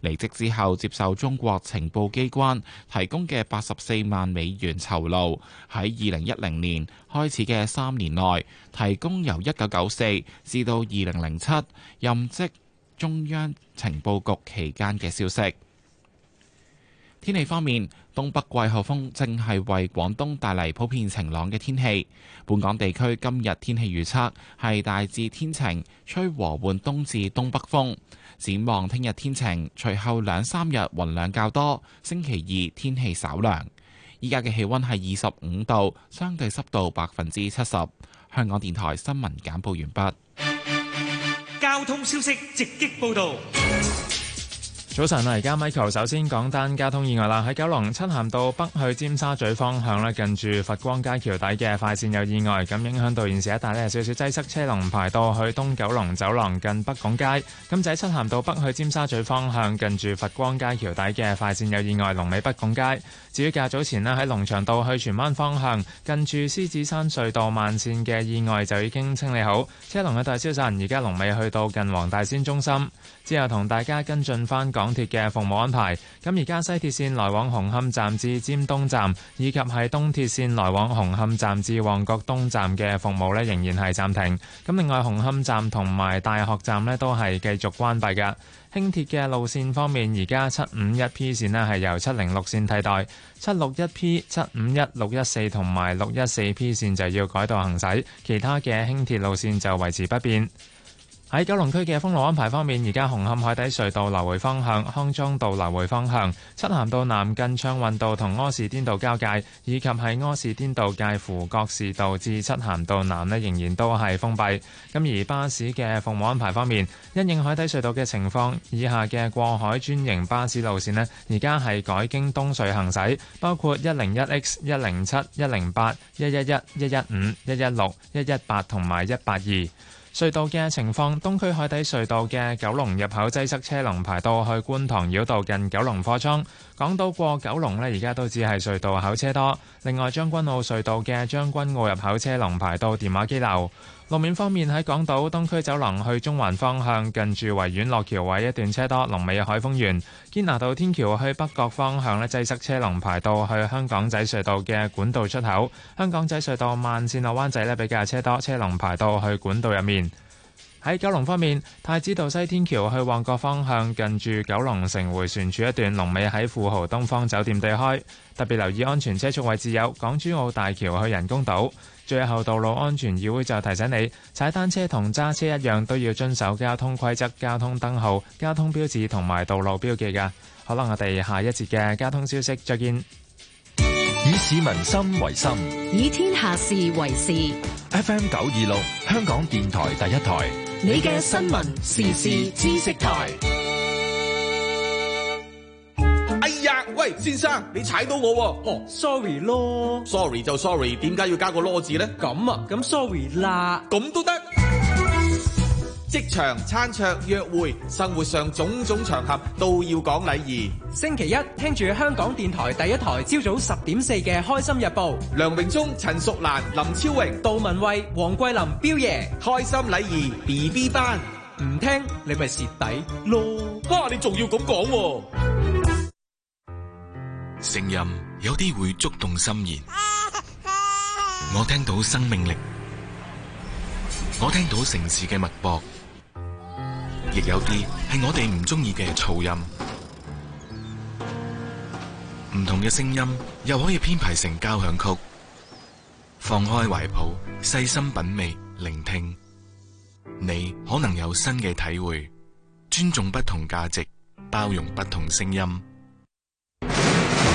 離職之後，接受中國情報機關提供嘅八十四萬美元酬勞。喺二零一零年開始嘅三年內，提供由一九九四至到二零零七任職中央情報局期間嘅消息。天氣方面，東北季候風正係為廣東帶嚟普遍晴朗嘅天氣。本港地區今日天氣預測係大致天晴，吹和緩東至東北風。展望聽日天晴，隨後兩三日雲量較多，星期二天氣稍涼。依家嘅氣溫係二十五度，相對濕度百分之七十。香港電台新聞簡報完畢。交通消息直擊報道。早晨，而家 Michael，首先講單交通意外啦。喺九龍漆咸道北去尖沙咀方向咧，近住佛光街橋底嘅快線有意外，咁影響到現時一帶咧，少少擠塞，車龍排到去東九龍走廊近北港街。咁就喺漆咸道北去尖沙咀方向，近住佛光街橋底嘅快線有意外，龍尾北港街。至於較早前咧，喺龍翔道去荃灣方向，近住獅子山隧道慢線嘅意外就已經清理好，車龍嘅大消散，而家龍尾去到近黃大仙中心。之後同大家跟進返港鐵嘅服務安排。咁而家西鐵線來往紅磡站至尖東站，以及喺東鐵線來往紅磡站至旺角東站嘅服務仍然係暫停。咁另外，紅磡站同埋大學站都係繼續關閉㗎。輕鐵嘅路線方面，而家七五一 P 線呢係由七零六線替代，七六一 P、七五一、六一四同埋六一四 P 線就要改道行駛，其他嘅輕鐵路線就維持不變。喺九龍區嘅封路安排方面，而家紅磡海底隧道來回方向、康莊道來回方向、漆咸道南近暢運道同柯士甸道交界，以及喺柯士甸道介乎覺士道至漆咸道南呢，仍然都係封閉。咁而巴士嘅服務安排方面，因應海底隧道嘅情況，以下嘅過海專營巴士路線呢，而家係改經東隧行駛，包括一零一 X、一零七、一零八、一一一、一一五、一一六、一一八同埋一八二。隧道嘅情況，東區海底隧道嘅九龍入口擠塞，車龍排到去觀塘繞道近九龍貨倉。港島過九龍呢，而家都只係隧道口車多。另外將軍澳隧道嘅將軍澳入口車龍排到電話機樓。路面方面喺港島東區走廊去中環方向近，近住維園落橋位一段車多，龍尾海豐園堅拿道天橋去北角方向呢，擠塞車龍排到去香港仔隧道嘅管道出口。香港仔隧道慢線落灣仔呢比較車多，車龍排到去管道入面。喺九龍方面，太子道西天橋去旺角方向，近住九龍城迴旋處一段龍尾喺富豪東方酒店對開。特別留意安全車速位置有港珠澳大橋去人工島。最後，道路安全議會就提醒你，踩單車同揸車一樣，都要遵守交通規則、交通燈號、交通標誌同埋道路標記㗎。好啦，我哋下一節嘅交通消息，再見。以市民心為心，以天下事為事。FM 九二六，香港電台第一台，你嘅新聞時事知識台。哎呀，喂，先生，你踩到我喎，啊！哦，sorry 咯了，sorry 就 sorry，點解要加個「咯」字呢？咁啊，咁 sorry 啦，咁都得。職場、餐桌、約會，生活上種種場合，都要講禮儀。星期一聽住香港電台第一台，朝早十點四嘅《開心日報》，梁榮忠、陳淑蘭、林超榮、杜文蔚、黃桂林、彪爺，開心禮儀 B B 班，唔聽你咪蝕底咯！哈、啊，你仲要咁講喎，啊？聲音有啲會觸動心弦，我聽到生命力，我聽到城市嘅脈搏，亦有啲係我哋唔中意嘅噪音。唔同嘅聲音又可以編排成交響曲。放開懷抱，細心品味，聆聽，你可能有新嘅體會。尊重不同價值，包容不同聲音。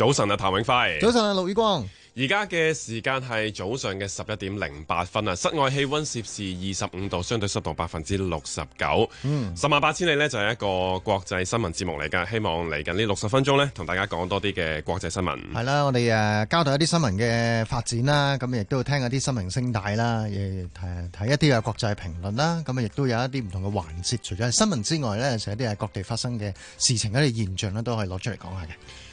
早晨啊，譚永輝。早晨啊，陸宇光。而家嘅時間係早上嘅十一點零八分啊。室外氣溫攝氏二十五度，相對濕度百分之六十九。嗯。十萬八千里呢，就係一個國際新聞節目嚟噶，希望嚟緊呢六十分鐘呢，同大家講多啲嘅國際新聞。係啦，我哋誒、啊、交代一啲新聞嘅發展啦，咁亦都要聽一啲新聞聲帶啦，亦睇一啲嘅國際評論啦，咁啊亦都有一啲唔同嘅環節。除咗係新聞之外呢，成一啲係各地發生嘅事情一啲現象呢，都可以攞出嚟講下嘅。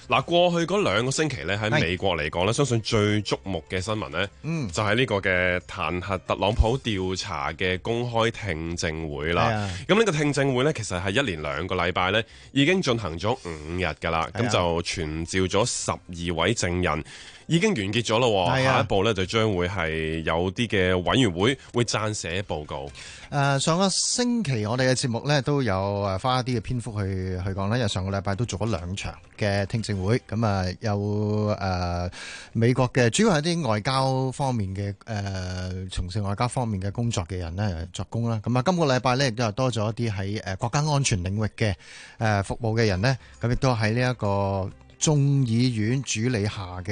嗱，過去嗰兩個星期咧，喺美國嚟講咧，是相信最矚目嘅新聞呢，嗯、就係呢個嘅彈劾特朗普調查嘅公開聽證會啦。咁呢、啊、個聽證會呢，其實係一連兩個禮拜呢已經進行咗五日㗎啦。咁、啊、就傳召咗十二位證人。已經完結咗咯，下一步咧就將會係有啲嘅委員會會撰寫報告。誒、呃、上個星期我哋嘅節目咧都有誒花一啲嘅篇幅去去講啦，因為上個禮拜都做咗兩場嘅聽證會，咁、嗯、啊有誒、呃、美國嘅主要係啲外交方面嘅誒從事外交方面嘅工作嘅人咧作供啦。咁、嗯、啊今個禮拜咧亦都係多咗一啲喺誒國家安全領域嘅誒、呃、服務嘅人咧，咁亦都喺呢一個。眾議院主理下嘅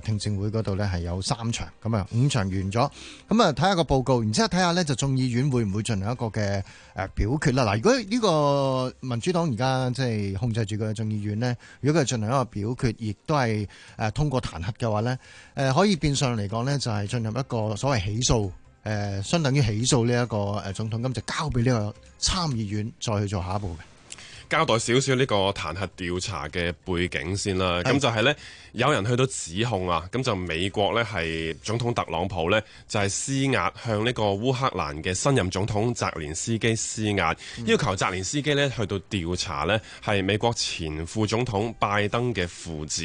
誒聽證會嗰度咧係有三場，咁啊五場完咗，咁啊睇下個報告，然之後睇下咧就眾議院會唔會進行一個嘅誒表決啦？嗱，如果呢個民主黨而家即係控制住個眾議院呢，如果佢進行一個表決，亦都係誒通過彈劾嘅話咧，誒可以變相嚟講咧就係進入一個所謂起訴，誒相等於起訴呢一個誒總統，咁就交俾呢個參議院再去做下一步嘅。交代少少呢個彈劾調查嘅背景先啦。咁就係呢，是有人去到指控啊，咁就美國呢，係總統特朗普呢，就係、是、施壓向呢個烏克蘭嘅新任總統澤連斯基施壓，嗯、要求澤連斯基呢去到調查呢係美國前副總統拜登嘅父子。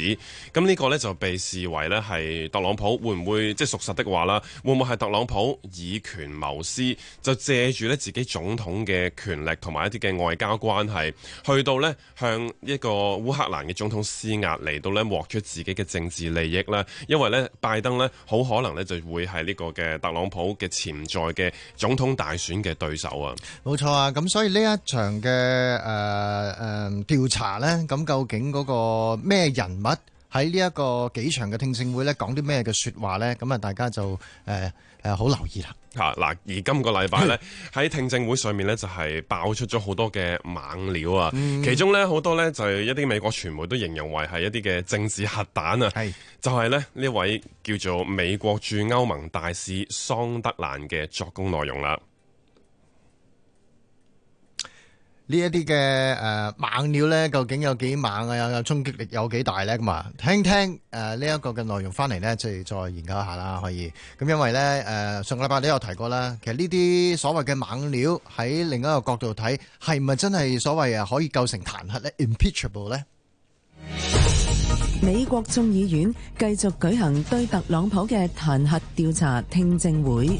咁呢個呢，就被視為呢係特朗普會唔會即係、就是、屬實的話啦？會唔會係特朗普以權謀私？就借住呢自己總統嘅權力同埋一啲嘅外交關係。去到呢，向一個烏克蘭嘅總統施壓，嚟到呢獲取自己嘅政治利益啦。因為呢，拜登呢，好可能呢就會係呢個嘅特朗普嘅潛在嘅總統大選嘅對手啊。冇錯啊，咁所以呢一場嘅誒誒調查呢，咁究竟嗰個咩人物喺呢一個幾場嘅聽證會呢講啲咩嘅説話呢？咁啊，大家就誒。呃誒，好、uh, 留意啦！吓嗱、啊，而今個禮拜咧，喺是聽證會上面咧，就係、是、爆出咗好多嘅猛料啊！嗯、其中咧，好多咧就係、是、一啲美國傳媒都形容為係一啲嘅政治核彈啊！係是就係咧呢位叫做美國駐歐盟大使桑德蘭嘅作供內容啦。呢一啲嘅誒猛料咧，究竟有幾猛啊？有有衝擊力有幾大咧？咁啊，聽聽誒呢一個嘅內容翻嚟咧，即係再研究一下啦，可以。咁因為咧，誒上個禮拜都有提過啦，其實呢啲所謂嘅猛料，喺另一個角度睇，係咪真係所謂啊可以構成彈劾咧？Impeachable 咧？美國眾議院繼續舉行對特朗普嘅彈劾調查聽證會。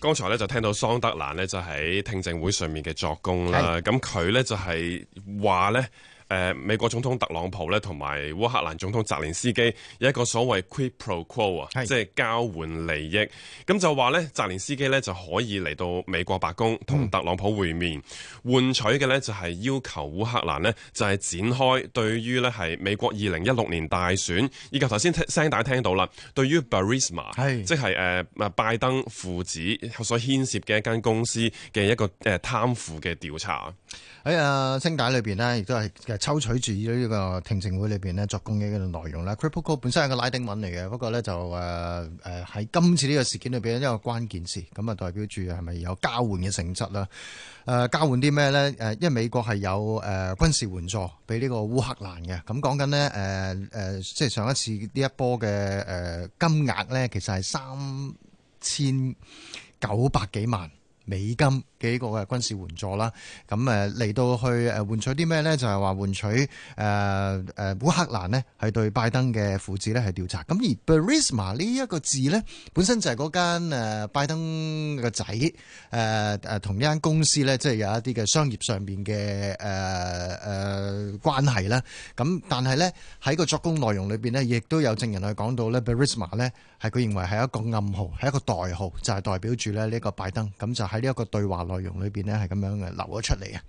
剛才咧就聽到桑德蘭咧就喺聽證會上面嘅作供啦，咁佢咧就係話咧。誒、呃、美國總統特朗普咧，同埋烏克蘭總統澤連斯基有一個所謂 quid pro quo 啊是，即係交換利益。咁就話咧，澤連斯基咧就可以嚟到美國白宮同特朗普會面，嗯、換取嘅咧就係、是、要求烏克蘭呢就係、是、展開對於咧係美國二零一六年大選，以及頭先聲大家聽到啦，對於 b a r r s m a 是即係、呃、拜登父子所牽涉嘅一間公司嘅一個誒、呃、貪腐嘅調查。喺啊，聲帶裏邊呢，亦都係抽取住呢個聽證會裏邊呢作供嘅內容 Quid pro quo 本身係個拉丁文嚟嘅，不過咧就誒誒喺今次呢個事件裏邊一個關鍵詞，咁啊代表住係咪有交換嘅性質啦？誒、啊，交換啲咩咧？誒，因為美國係有誒軍事援助俾呢個烏克蘭嘅，咁講緊呢，誒、呃、誒，即係上一次呢一波嘅誒、呃、金額咧，其實係三千九百幾萬美金。幾個嘅軍事援助啦，咁誒嚟到去誒換取啲咩咧？就係、是、話換取誒誒、呃呃、烏克蘭呢係對拜登嘅父子咧係調查。咁而 Burisma 呢一個字咧，本身就係嗰間拜登嘅仔誒誒同呢間公司咧，即、就、係、是、有一啲嘅商業上面嘅誒誒關係啦。咁但係咧喺個作供內容裏邊呢，亦都有證人去講到咧，Burisma 咧係佢認為係一個暗號，係一個代號，就係、是、代表住咧呢個拜登。咁就喺呢一個對話內容裏面咧係咁樣嘅流咗出嚟啊！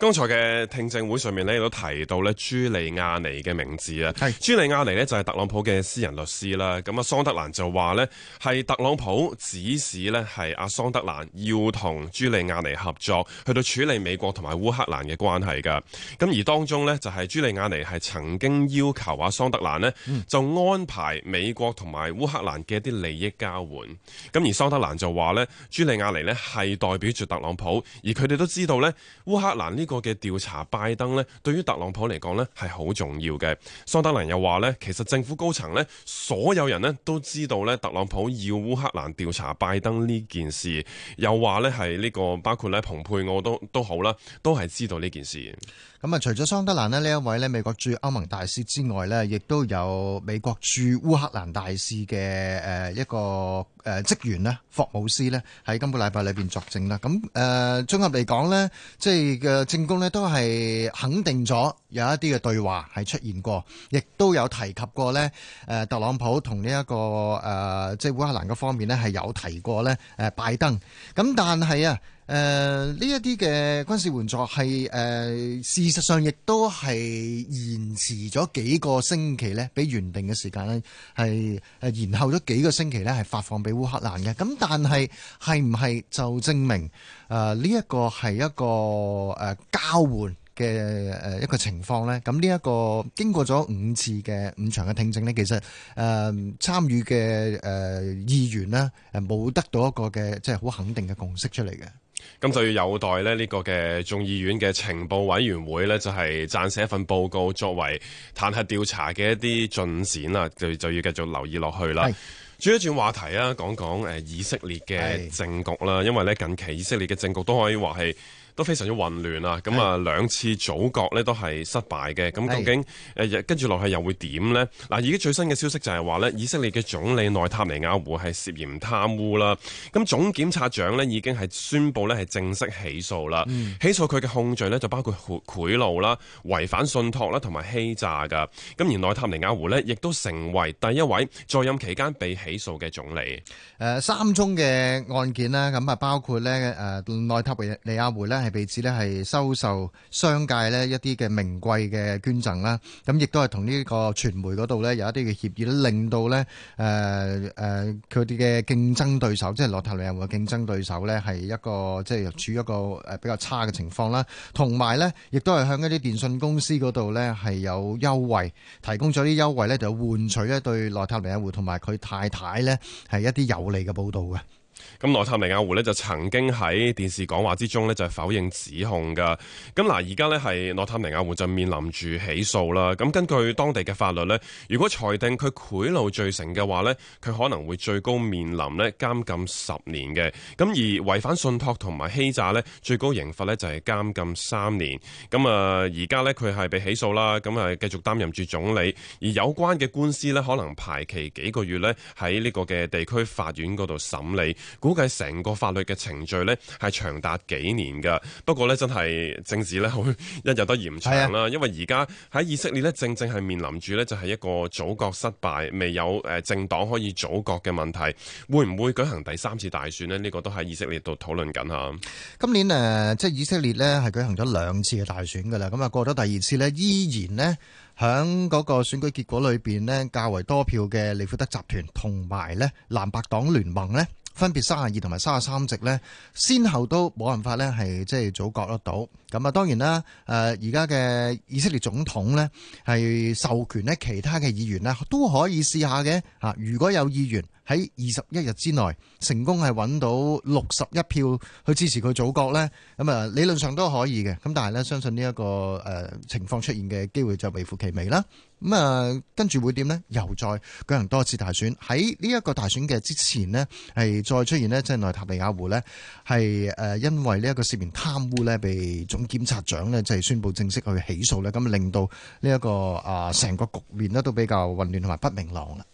剛才嘅聽證會上面咧，亦都提到咧朱莉亞尼嘅名字啊。是朱莉亞尼呢，就係特朗普嘅私人律師啦。咁啊，桑德蘭就話呢，係特朗普指使呢，係阿桑德蘭要同朱莉亞尼合作，去到處理美國同埋烏克蘭嘅關係噶。咁而當中呢，就係朱莉亞尼係曾經要求阿桑德蘭呢，就安排美國同埋烏克蘭嘅一啲利益交換。咁、嗯、而桑德蘭就話呢，朱莉亞尼呢係代表住特朗普，而佢哋都知道呢，烏克蘭呢、這個。這個嘅調查拜登咧，對於特朗普嚟講咧係好重要嘅。桑德蘭又話咧，其實政府高層咧，所有人咧都知道咧，特朗普要烏克蘭調查拜登呢件事，又話咧係呢個包括咧蓬佩奧都都好啦，都係知道呢件事。咁啊，除咗桑德蘭咧呢一位咧美國駐歐盟大使之外咧，亦都有美國駐烏克蘭大使嘅誒一個誒職員呢霍姆斯呢喺今個禮拜裏邊作證啦。咁誒綜合嚟講呢即係嘅證供呢都係肯定咗有一啲嘅對話係出現過，亦都有提及過呢誒特朗普同呢一個誒、呃、即係烏克蘭嗰方面呢係有提過呢誒拜登咁，但係啊。誒呢一啲嘅軍事援助係誒事實上亦都係延遲咗幾個星期咧，比原定嘅時間咧係誒延後咗幾個星期咧，係發放俾烏克蘭嘅。咁但係係唔係就證明誒呢一個係一個誒交換嘅誒一個情況咧？咁呢一個經過咗五次嘅五場嘅聽證咧，其實誒參與嘅誒議員呢誒冇得到一個嘅即係好肯定嘅共識出嚟嘅。咁就要有待咧呢個嘅眾議院嘅情報委員會呢就係撰寫一份報告，作為彈劾調查嘅一啲進展啦，就就要繼續留意落去啦。轉是一轉話題啊，講講誒以色列嘅政局啦，是因為咧近期以色列嘅政局都可以話係。都非常之混亂啊！咁啊，兩次組閣咧都係失敗嘅。咁究竟誒跟住落去又會點咧？嗱，而家最新嘅消息就係話咧，以色列嘅總理內塔尼亞胡係涉嫌貪污啦。咁總檢察長咧已經係宣佈咧係正式起訴啦。嗯、起訴佢嘅控罪咧就包括賄賂啦、違反信託啦同埋欺詐噶，咁而內塔尼亞胡咧亦都成為第一位在任期間被起訴嘅總理。誒、呃、三宗嘅案件咧，咁啊包括咧誒內塔尼亞胡咧。係被指咧係收受商界呢一啲嘅名貴嘅捐贈啦，咁亦都係同呢個傳媒嗰度呢有一啲嘅協議，令到呢誒誒佢哋嘅競爭對手，即係內塔尼亞胡嘅競爭對手呢，係一個即係、就是、處於一個誒比較差嘅情況啦，同埋呢，亦都係向一啲電信公司嗰度呢係有優惠，提供咗啲優惠呢，就換取呢對內塔尼亞胡同埋佢太太呢，係一啲有利嘅報道嘅。咁內塔尼亞胡呢就曾經喺電視講話之中呢，就否認指控噶。咁嗱，而家呢，係內塔尼亞胡就面臨住起訴啦。咁根據當地嘅法律呢，如果裁定佢賄賂罪成嘅話呢，佢可能會最高面臨呢監禁十年嘅。咁而違反信託同埋欺詐呢，最高刑罰呢，就係、是、監禁三年。咁啊，而、呃、家呢，佢係被起訴啦。咁啊，繼續擔任住總理。而有關嘅官司呢，可能排期幾個月呢，喺呢個嘅地區法院嗰度審理。估計成個法律嘅程序呢係長達幾年噶不過呢，真係政治呢，會一日都延長啦。因為而家喺以色列呢，正正係面臨住呢，就係一個組閣失敗，未有誒政黨可以組閣嘅問題。會唔會舉行第三次大選呢？呢、這個都喺以色列度討論緊吓。今年誒，即係以色列呢，係舉行咗兩次嘅大選噶啦。咁啊，過咗第二次呢，依然呢，響嗰個選舉結果裏邊呢，較為多票嘅利庫德集團同埋呢藍白黨聯盟呢。分別三十二同埋三十三席呢，先後都冇辦法呢係即係組閣得到。咁啊，當然啦，誒而家嘅以色列總統呢係授權呢其他嘅議員呢都可以試下嘅嚇。如果有議員喺二十一日之內成功係揾到六十一票去支持佢組閣呢，咁啊理論上都可以嘅。咁但係呢，相信呢一個誒情況出現嘅機會就微乎其微啦。咁啊，跟住會點咧？又再舉行多次大選。喺呢一個大選嘅之前呢，係再出現呢即係內塔尼亞胡。咧，係因為呢一個涉嫌貪污咧，被總檢察長咧就係宣布正式去起訴咧，咁令到呢一個啊成個局面都比較混亂同埋不明朗啦。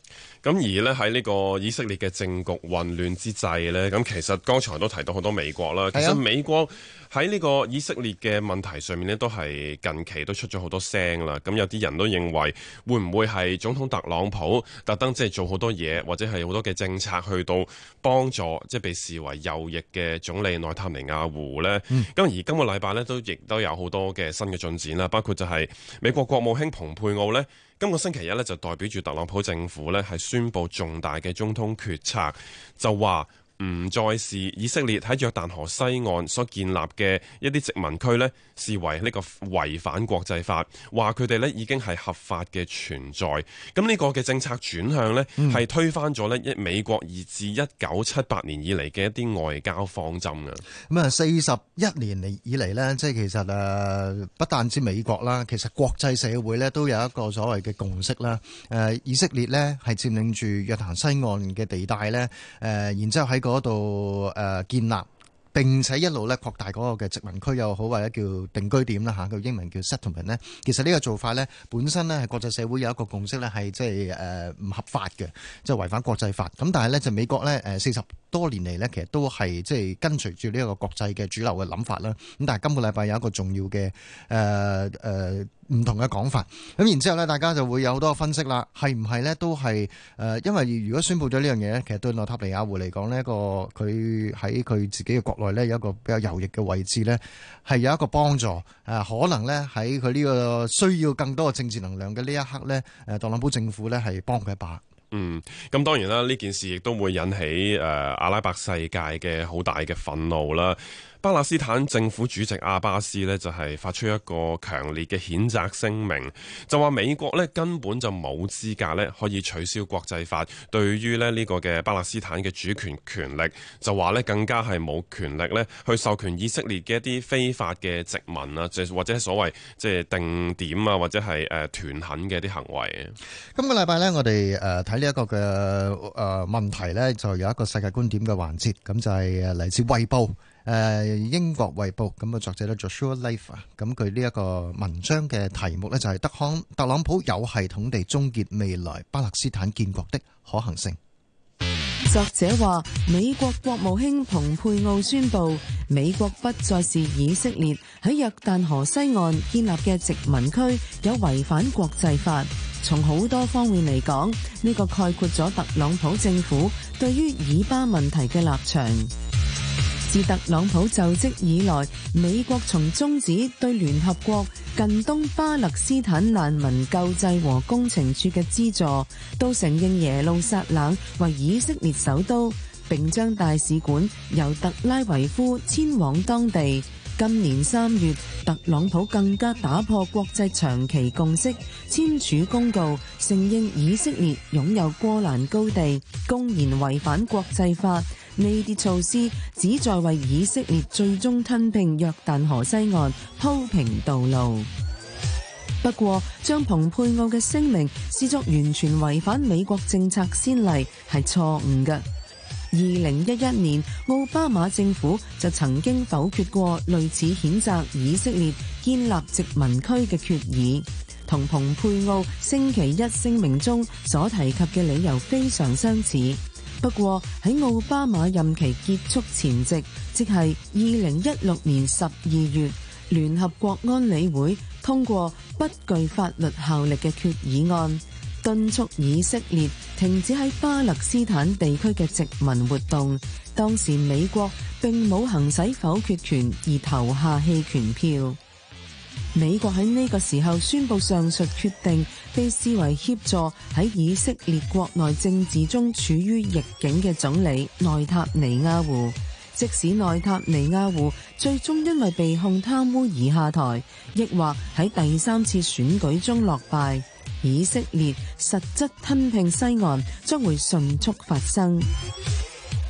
咁而呢，喺呢個以色列嘅政局混亂之際呢，咁其實剛才都提到好多美國啦。其實美國喺呢個以色列嘅問題上面呢，都係近期都出咗好多聲啦。咁有啲人都認為會唔會係總統特朗普特登即係做好多嘢，或者係好多嘅政策去到幫助即係被視為右翼嘅總理內塔尼亞胡呢。咁、嗯、而今個禮拜呢，都亦都有好多嘅新嘅進展啦，包括就係美國國務卿蓬佩奧呢。今個星期日咧，就代表住特朗普政府咧，係宣布重大嘅中東決策，就話。唔再是以色列喺約旦河西岸所建立嘅一啲殖民區呢，視為呢個違反國際法，話佢哋呢已經係合法嘅存在。咁呢個嘅政策轉向呢，係推翻咗呢一美國二至一九七八年以嚟嘅一啲外交方針嘅。咁啊、嗯，四十一年嚟以嚟呢，即係其實誒，不但止美國啦，其實國際社會呢，都有一個所謂嘅共識啦。誒，以色列呢，係佔領住約旦西岸嘅地帶呢。誒，然之後喺嗰度誒建立，並且一路咧擴大嗰個嘅殖民區又好，或者叫定居點啦吓，叫英文叫 settlement 咧。其實呢個做法咧，本身咧係國際社會有一個共識咧，係即係誒唔合法嘅，即係違反國際法。咁但係咧，就美國咧誒四十多年嚟咧，其實都係即係跟隨住呢一個國際嘅主流嘅諗法啦。咁但係今個禮拜有一個重要嘅誒誒。呃呃唔同嘅講法，咁然之後咧，大家就會有好多分析啦。係唔係咧都係誒、呃？因為如果宣布咗呢樣嘢咧，其實對納塔尼亞胡嚟講咧，一個佢喺佢自己嘅國內咧有一個比較遊弋嘅位置咧，係有一個幫助誒、呃。可能咧喺佢呢個需要更多嘅政治能量嘅呢一刻咧，誒、呃，特朗普政府咧係幫佢一把。嗯，咁當然啦，呢件事亦都會引起誒、呃、阿拉伯世界嘅好大嘅憤怒啦。巴勒斯坦政府主席阿巴斯呢，就係發出一個強烈嘅譴責聲明，就話美國呢根本就冇資格呢可以取消國際法對於呢呢個嘅巴勒斯坦嘅主權權力，就話呢更加係冇權力呢去授權以色列嘅一啲非法嘅殖民啊，即係或者所謂即係定點啊，或者係誒團墾嘅一啲行為。今個禮拜呢，我哋誒睇呢一個嘅誒問題呢，就有一個世界觀點嘅環節，咁就係、是、嚟自衛報。誒，英國衛報，咁作者叫做 s h u a l i f e r，咁佢呢一個文章嘅題目就係德康特朗普有系統地終結未來巴勒斯坦建國的可行性。作者話，美國國務卿蓬佩奧宣布，美國不再是以色列喺約旦河西岸建立嘅殖民區有違反國際法。從好多方面嚟講，呢、這個概括咗特朗普政府對於以巴問題嘅立場。自特朗普就職以來，美國從終止對聯合國近東巴勒斯坦難民救濟和工程處嘅資助，都承認耶路撒冷為以色列首都，並將大使館由特拉維夫遷往當地。今年三月，特朗普更加打破國際長期共識，簽署公告，承認以色列擁有戈蘭高地，公然違反國際法。呢啲措施旨在為以色列最終吞併約旦河西岸鋪平道路。不過，將蓬佩奧嘅聲明視作完全違反美國政策先例係錯誤嘅。二零一一年奧巴馬政府就曾經否決過類似譴責以色列建立殖民區嘅決議，同蓬佩奧星期一聲明中所提及嘅理由非常相似。不過，喺奧巴馬任期結束前夕，即係二零一六年十二月，聯合國安理會通過不具法律效力嘅決議案，敦促以色列停止喺巴勒斯坦地區嘅殖民活動。當時美國並冇行使否決權，而投下棄權票。美國喺呢個時候宣佈上述決定，被視為協助喺以色列國內政治中處於逆境嘅總理內塔尼亞胡。即使內塔尼亞胡最終因為被控貪污而下台，抑或喺第三次選舉中落敗，以色列實質吞併西岸將會迅速發生。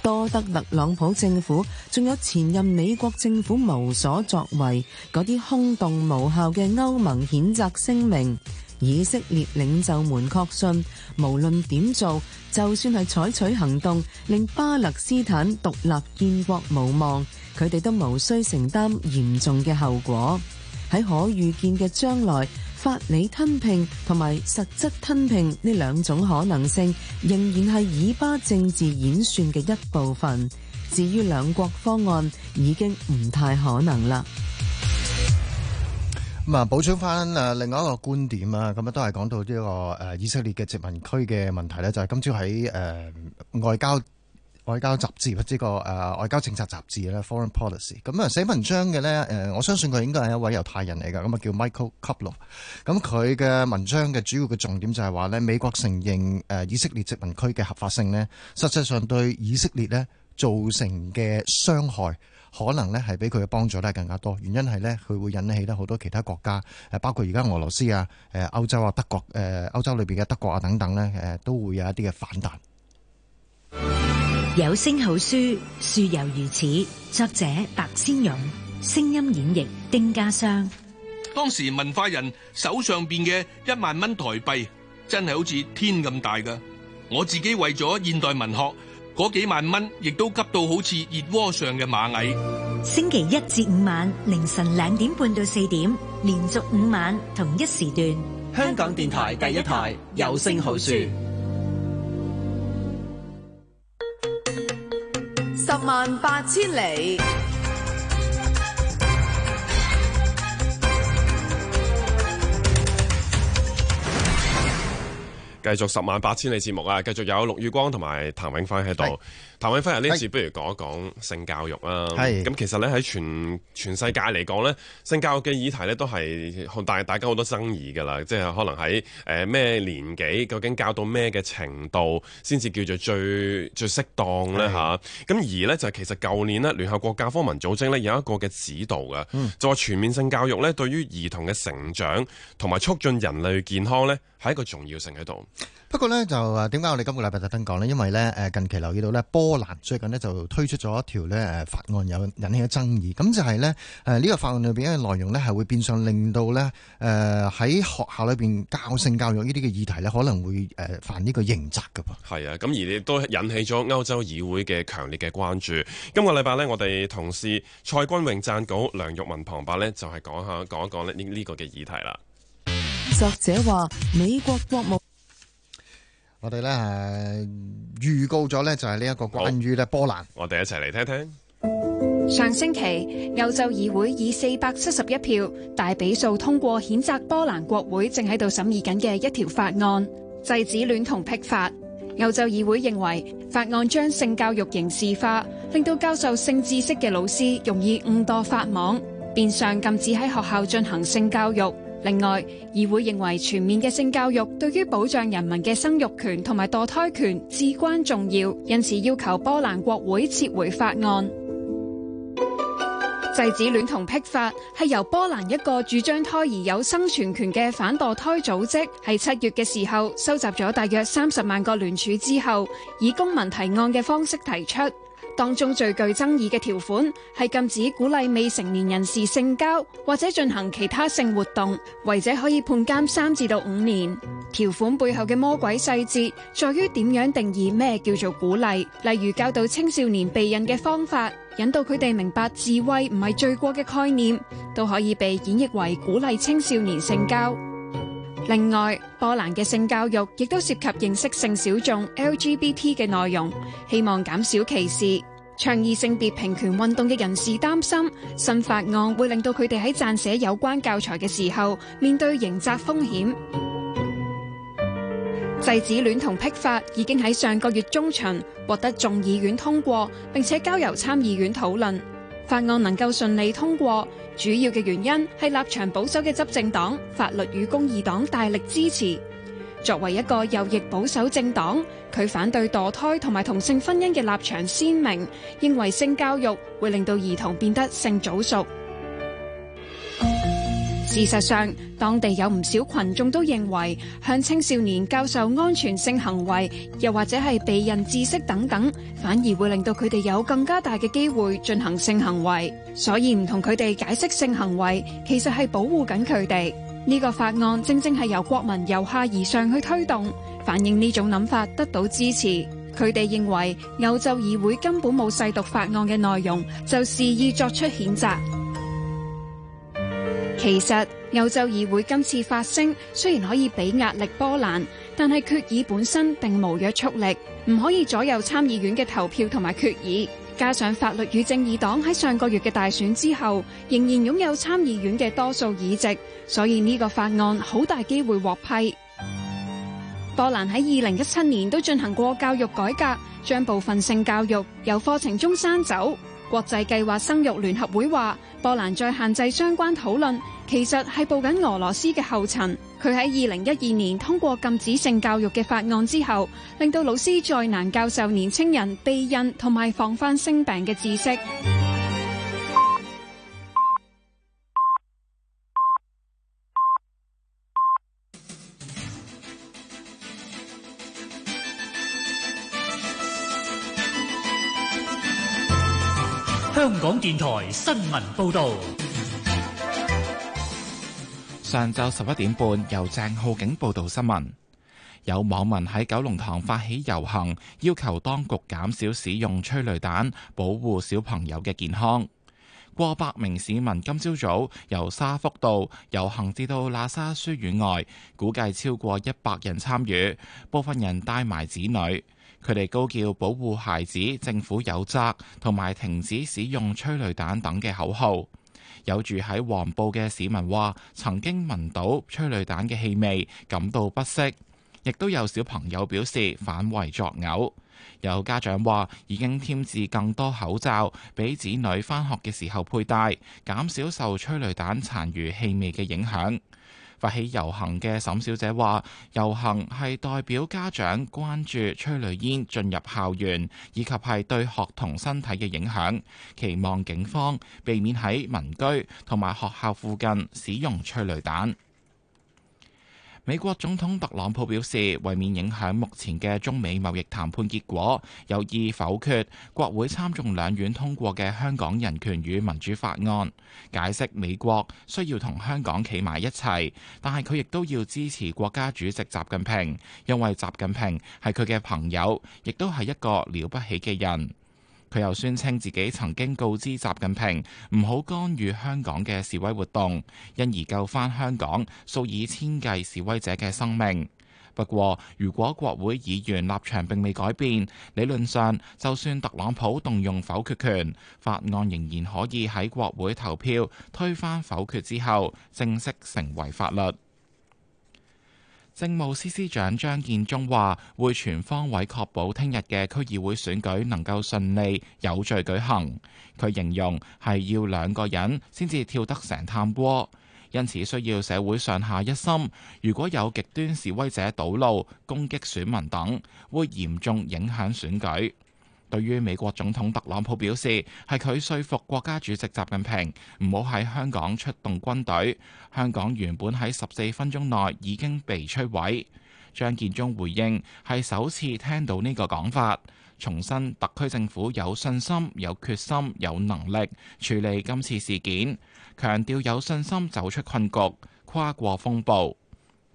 多得特朗普政府，仲有前任美國政府無所作為，嗰啲空洞無效嘅歐盟譴責聲明。以色列領袖們確信，無論點做，就算係採取行動，令巴勒斯坦獨立建國無望，佢哋都無需承擔嚴重嘅後果。喺可預見嘅將來。法理吞併同埋實質吞併呢兩種可能性，仍然係以巴政治演算嘅一部分。至於兩國方案，已經唔太可能啦，嗯。咁啊，補充翻誒另外一個觀點啊，咁啊都係講到呢個誒以色列嘅殖民區嘅問題咧，就係、是、今朝喺誒外交。外交雜誌或者呢個誒外交政策雜誌咧 Foreign Policy，咁啊寫文章嘅咧誒，我相信佢應該係一位猶太人嚟㗎，咁啊叫 Michael Koplow。咁佢嘅文章嘅主要嘅重點就係話咧，美國承認誒以色列殖民區嘅合法性咧，實際上對以色列咧造成嘅傷害，可能咧係比佢嘅幫助咧更加多。原因係咧，佢會引起得好多其他國家，誒包括而家俄羅斯啊、誒歐洲啊、德國、誒歐洲裏邊嘅德國啊等等咧，誒都會有一啲嘅反彈。有聲好書《樹猶如此》，作者白先勇，聲音演繹丁家相。當時文化人手上邊嘅一萬蚊台幣，真係好似天咁大噶。我自己為咗現代文學嗰幾萬蚊，亦都急到好似熱鍋上嘅螞蟻。星期一至五晚凌晨兩點半到四點，連續五晚同一時段，香港電台第一台第一有聲好書。十萬八千里。繼續十萬八千里節目啊！繼續有陸宇光同埋譚永輝喺度。譚是永輝啊，呢次不如講一講性教育啦。係是，咁其實咧喺全全世界嚟講咧，性教育嘅議題咧都係大大家好多爭議㗎啦。即係可能喺誒咩年紀，究竟教到咩嘅程度先至叫做最最適當咧嚇？咁是而呢，就係其實舊年呢，聯合國教科文組織咧有一個嘅指導嘅，就話、嗯、全面性教育咧，對於兒童嘅成長同埋促進人類健康咧。喺一個重要性喺度，不過咧就誒，點解我哋今個禮拜特登講呢？因為咧誒，近期留意到咧，波蘭最近呢，就推出咗一條咧誒法案，有引起咗爭議。咁就係咧誒呢、呃這個法案裏邊嘅內容咧，係會變相令到咧誒喺學校裏邊教性教育呢啲嘅議題咧，可能會誒犯呢個刑責噶噃。係啊，咁而你都引起咗歐洲議會嘅強烈嘅關注。今個禮拜呢，我哋同事蔡君榮撰稿，梁玉文旁白咧，就係、是、講下講一講咧呢呢個嘅議題啦。作者話：美國國務，我哋咧係預告咗咧，就係呢一個關於咧波蘭，我哋一齊嚟聽聽。上星期，歐洲議會以四百七十一票大比數通過譴責波蘭國會正喺度審議緊嘅一條法案，制止戀童癖法。歐洲議會認為，法案將性教育刑事化，令到教授性知識嘅老師容易誤墮法網，變相禁止喺學校進行性教育。另外，議會認為全面嘅性教育對於保障人民嘅生育權同埋墮胎權至關重要，因此要求波蘭國會撤回法案。制止戀童癖法係由波蘭一個主張胎兒有生存權嘅反墮胎組織喺七月嘅時候收集咗大約三十萬個聯署之後，以公民提案嘅方式提出。當中最具爭議嘅條款係禁止鼓勵未成年人士性交或者進行其他性活動，違者可以判監三至到五年。條款背後嘅魔鬼細節在於點樣定義咩叫做鼓勵，例如教導青少年避孕嘅方法，引導佢哋明白自慰唔係罪過嘅概念，都可以被演繹為鼓勵青少年性交。另外，波蘭嘅性教育亦都涉及認識性小眾 LGBT 嘅內容，希望減少歧視。倡議性別平權運動嘅人士擔心新法案會令到佢哋喺撰寫有關教材嘅時候面對刑責風險。制止戀童癖法已經喺上個月中旬獲得眾議院通過，並且交由參議院討論。法案能夠順利通過，主要嘅原因係立場保守嘅執政黨法律與公義黨大力支持。作為一個右翼保守政黨，佢反對墮胎同埋同性婚姻嘅立場鮮明，認為性教育會令到兒童變得性早熟。事實上當地有唔少群眾都認為向青少年教授安全性行為，又或者係避孕知識等等，反而會令到佢哋有更加大嘅機會進行性行為，所以唔同佢哋解釋性行為其實係保護緊佢哋。呢個法案正正係由國民由下而上去推動，反映呢種諗法得到支持。佢哋認為歐洲議會根本冇細讀法案嘅內容就肆意作出譴責。其實歐洲議會今次發聲，雖然可以俾壓力波蘭，但係決議本身並無約束力，唔可以左右參議院嘅投票同埋決議。加上法律與正義黨喺上個月嘅大選之後，仍然擁有參議院嘅多數議席，所以呢個法案好大機會獲批。波蘭喺二零一七年都進行過教育改革，將部分性教育由課程中刪走。國際計劃生育聯合會話：波蘭再限制相關討論，其實係步緊俄羅斯嘅後塵。佢喺二零一二年通過禁止性教育嘅法案之後，令到老師再難教授年青人避孕同埋防範性病嘅知識。香港電台新聞報道，上晝十一點半由鄭浩景報道新聞。有網民喺九龍塘發起遊行，要求當局減少使用催淚彈，保護小朋友嘅健康。過百名市民今朝早，早由沙福道遊行至到喇沙書院外，估計超過一百人參與，部分人帶埋子女。佢哋高叫保護孩子、政府有責同埋停止使用催淚彈等嘅口號。有住喺黃埔嘅市民話，曾經聞到催淚彈嘅氣味，感到不適，亦都有小朋友表示反胃作嘔。有家長話已經添置更多口罩，俾子女返學嘅時候佩戴，減少受催淚彈殘餘氣味嘅影響。發起遊行嘅沈小姐話：遊行係代表家長關注催淚煙進入校園，以及係對學童身體嘅影響，期望警方避免喺民居同埋學校附近使用催淚彈。美國總統特朗普表示，為免影響目前嘅中美貿易談判結果，有意否決國會參眾兩院通過嘅香港人權與民主法案。解釋美國需要同香港企埋一齊，但係佢亦都要支持國家主席習近平，因為習近平係佢嘅朋友，亦都係一個了不起嘅人。佢又宣稱自己曾經告知習近平唔好干預香港嘅示威活動，因而救返香港數以千計示威者嘅生命。不過，如果國會議員立場並未改變，理論上就算特朗普動用否決權，法案仍然可以喺國會投票推翻否決之後，正式成為法律。政務司司長張建宗話，會全方位確保聽日嘅區議會選舉能夠順利有序舉行。佢形容係要兩個人先至跳得成探戈，因此需要社會上下一心。如果有極端示威者堵路、攻擊選民等，會嚴重影響選舉。對於美國總統特朗普表示，係佢説服國家主席習近平唔好喺香港出動軍隊。香港原本喺十四分鐘內已經被摧毀。張建宗回應係首次聽到呢個講法，重申特區政府有信心、有決心、有能力處理今次事件，強調有信心走出困局，跨過風暴。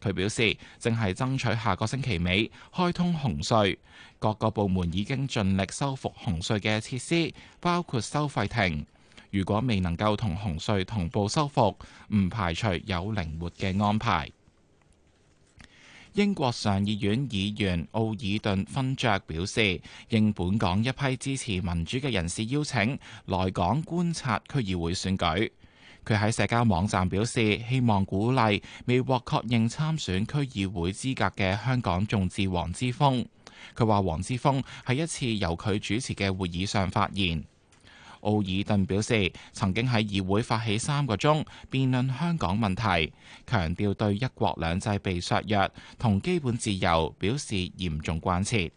佢表示，正係爭取下個星期尾開通紅隧。各個部門已經盡力修復紅隧嘅設施，包括收費亭。如果未能夠同紅隧同步修復，唔排除有靈活嘅安排。英國上議院議員奧爾頓勳爵表示，應本港一批支持民主嘅人士邀請來港觀察區議會選舉。佢喺社交網站表示，希望鼓勵未獲確認參選區議會資格嘅香港眾志黃之鋒。佢話：他說黃之鋒喺一次由佢主持嘅會議上發言。奧爾頓表示，曾經喺議會發起三個鐘辯論香港問題，強調對一國兩制被削弱同基本自由表示嚴重關切。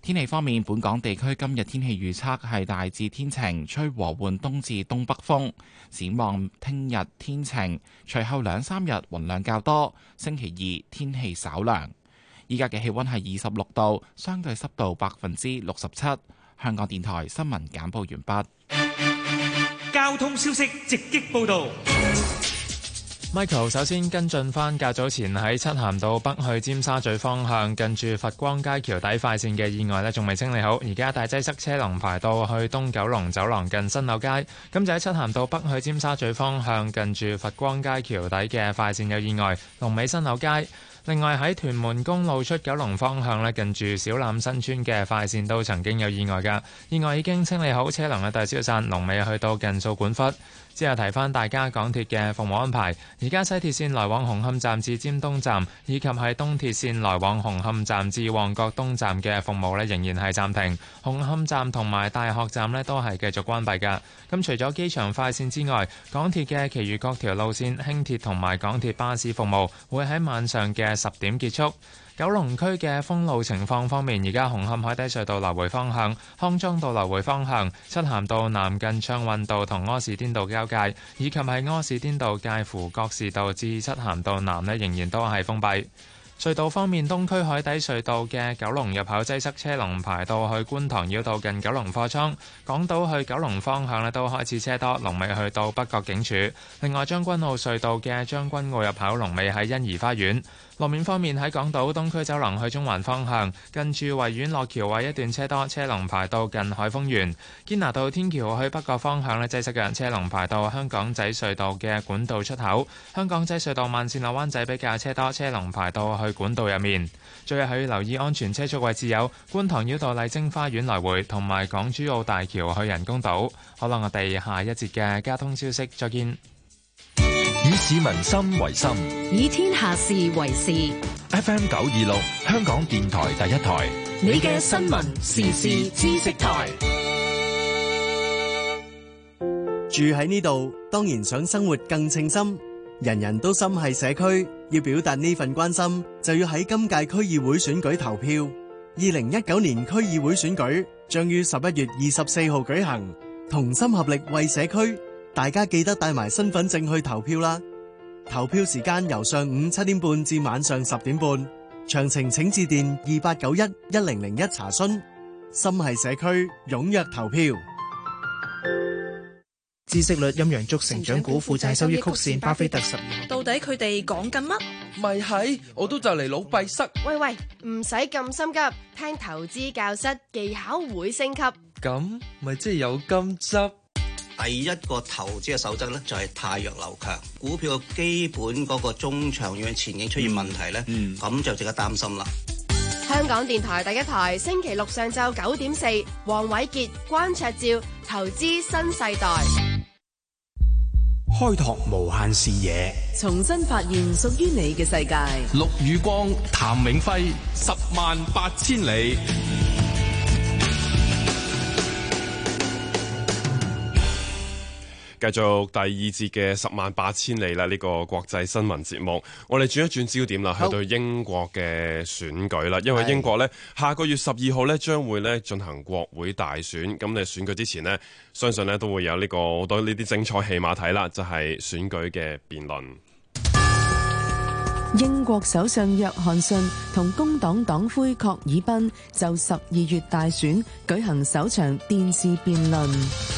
天氣方面，本港地區今日天氣預測係大致天晴，吹和緩東至東北風。展望聽日天，天晴，隨後兩三日雲量較多。星期二天氣稍涼。依家嘅氣温係二十六度，相對濕度百分之六十七。香港電台新聞簡報完畢。交通消息直擊報導。Michael 首先跟進返，較早前喺漆咸道北去尖沙咀方向，近住佛光街橋底快線嘅意外呢，仲未清理好，而家大劑塞車龍排到去東九龍走廊近新柳街。咁就喺漆咸道北去尖沙咀方向，近住佛光街橋底嘅快線有意外，龍尾新柳街。另外喺屯門公路出九龍方向近住小欖新村嘅快線都曾經有意外嘅，意外已經清理好，車輛嘅，大消散，龍尾去到近掃管笏。之後提翻大家港鐵嘅服務安排。而家西鐵線來往紅磡站至尖東站，以及喺東鐵線來往紅磡站至旺角東站嘅服務咧，仍然係暫停。紅磡站同埋大學站咧都係繼續關閉㗎。咁除咗機場快線之外，港鐵嘅其餘各條路線、輕鐵同埋港鐵巴士服務會喺晚上嘅十點結束。九龍區嘅封路情況方面，而家紅磡海底隧道來回方向、康莊道來回方向、漆咸道南近暢運道同柯士甸道交界，以及喺柯士甸道介乎各士道至漆咸道南呢，仍然都係封閉。隧道方面，東區海底隧道嘅九龍入口擠塞，車龍排到去觀塘繞道近九龍貨倉，港島去九龍方向呢，都開始車多龍尾去到北角警署。另外，將軍澳隧道嘅將軍澳入口龍尾喺欣怡花園。路面方面喺港島東區走廊去中環方向，近住維園落橋位一段車多，車龍排到近海峰園。堅拿道天橋去北角方向呢，擠塞嘅，車龍排到香港仔隧道嘅管道出口。香港仔隧道慢線落灣仔比較車多，車龍排到去管道入面。最後要留意安全車速位置有觀塘繞道麗晶花園來回，同埋港珠澳大橋去人工島。好啦，我哋下一節嘅交通消息，再見。市民心為心，以天下事為事。FM 九二六，香港電台第一台。你嘅新聞時事知識台。住喺呢度，當然想生活更稱心。人人都心繫社區，要表達呢份關心，就要喺今屆區議會選舉投票。二零一九年區議會選舉將於十一月二十四號舉行。同心合力為社區，大家記得帶埋身份證去投票啦！投票時間由上午七點半至晚上十點半，詳情請致電二八九一一零零一查詢。心繫社區踊躍投票。知識率陰陽燭成長股負債收益曲線巴菲特十二號到底佢哋講緊乜？咪係我都就嚟老閉塞。喂喂，唔使咁心急，聽投資教室技巧會升級。咁咪即係有金執？第一個投資嘅守則咧，就係汰弱留強，股票嘅基本嗰個中長遠嘅前景出現問題咧，咁、嗯嗯、就值得擔心啦。香港電台第一台，星期六上晝九點四，黃偉傑、關卓照，投資新世代，開拓無限視野，重新發現屬於你嘅世界。陸宇光、譚永輝，十萬八千里。繼續第二節嘅十萬八千里啦，呢、這個國際新聞節目，我哋轉一轉焦點啦，係對好英國嘅選舉啦，因為英國呢，的下個月十二號呢，將會呢進行國會大選，咁你選舉之前呢，相信呢都會有呢、這個好多呢啲精彩戲碼睇啦，就係、是、選舉嘅辯論。英國首相約翰遜同工黨黨魁郝爾彬就十二月大選舉行首場電視辯論。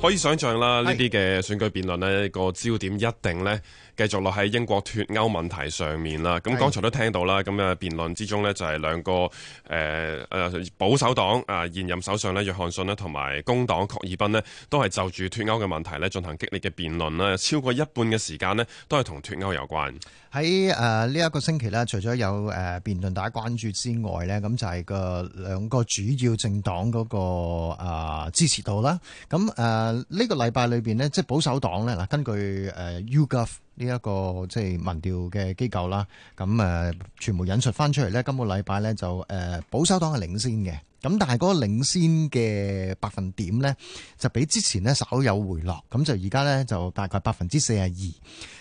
可以想象啦，呢啲嘅選舉辯論呢、呢個焦點一定呢繼續落喺英國脫歐問題上面啦。咁剛才都聽到啦，咁啊，辯論之中呢，就係、是、兩個誒誒、呃、保守黨啊現任首相呢約翰遜呢，同埋工黨科爾賓呢，都係就住脫歐嘅問題呢進行激烈嘅辯論啦。超過一半嘅時間呢，都係同脫歐有關。喺誒呢一個星期咧，除咗有誒辯論大家關注之外咧，咁就係個兩個主要政黨嗰個啊支持度啦。咁誒呢個禮拜裏邊咧，即係保守黨咧嗱，根據誒 YouGov 呢一個即係民調嘅機構啦，咁誒全部引述翻出嚟咧，今個禮拜咧就誒保守黨係領先嘅。咁但係嗰個領先嘅百分點咧，就比之前咧稍有回落。咁就而家咧就大概百分之四十二。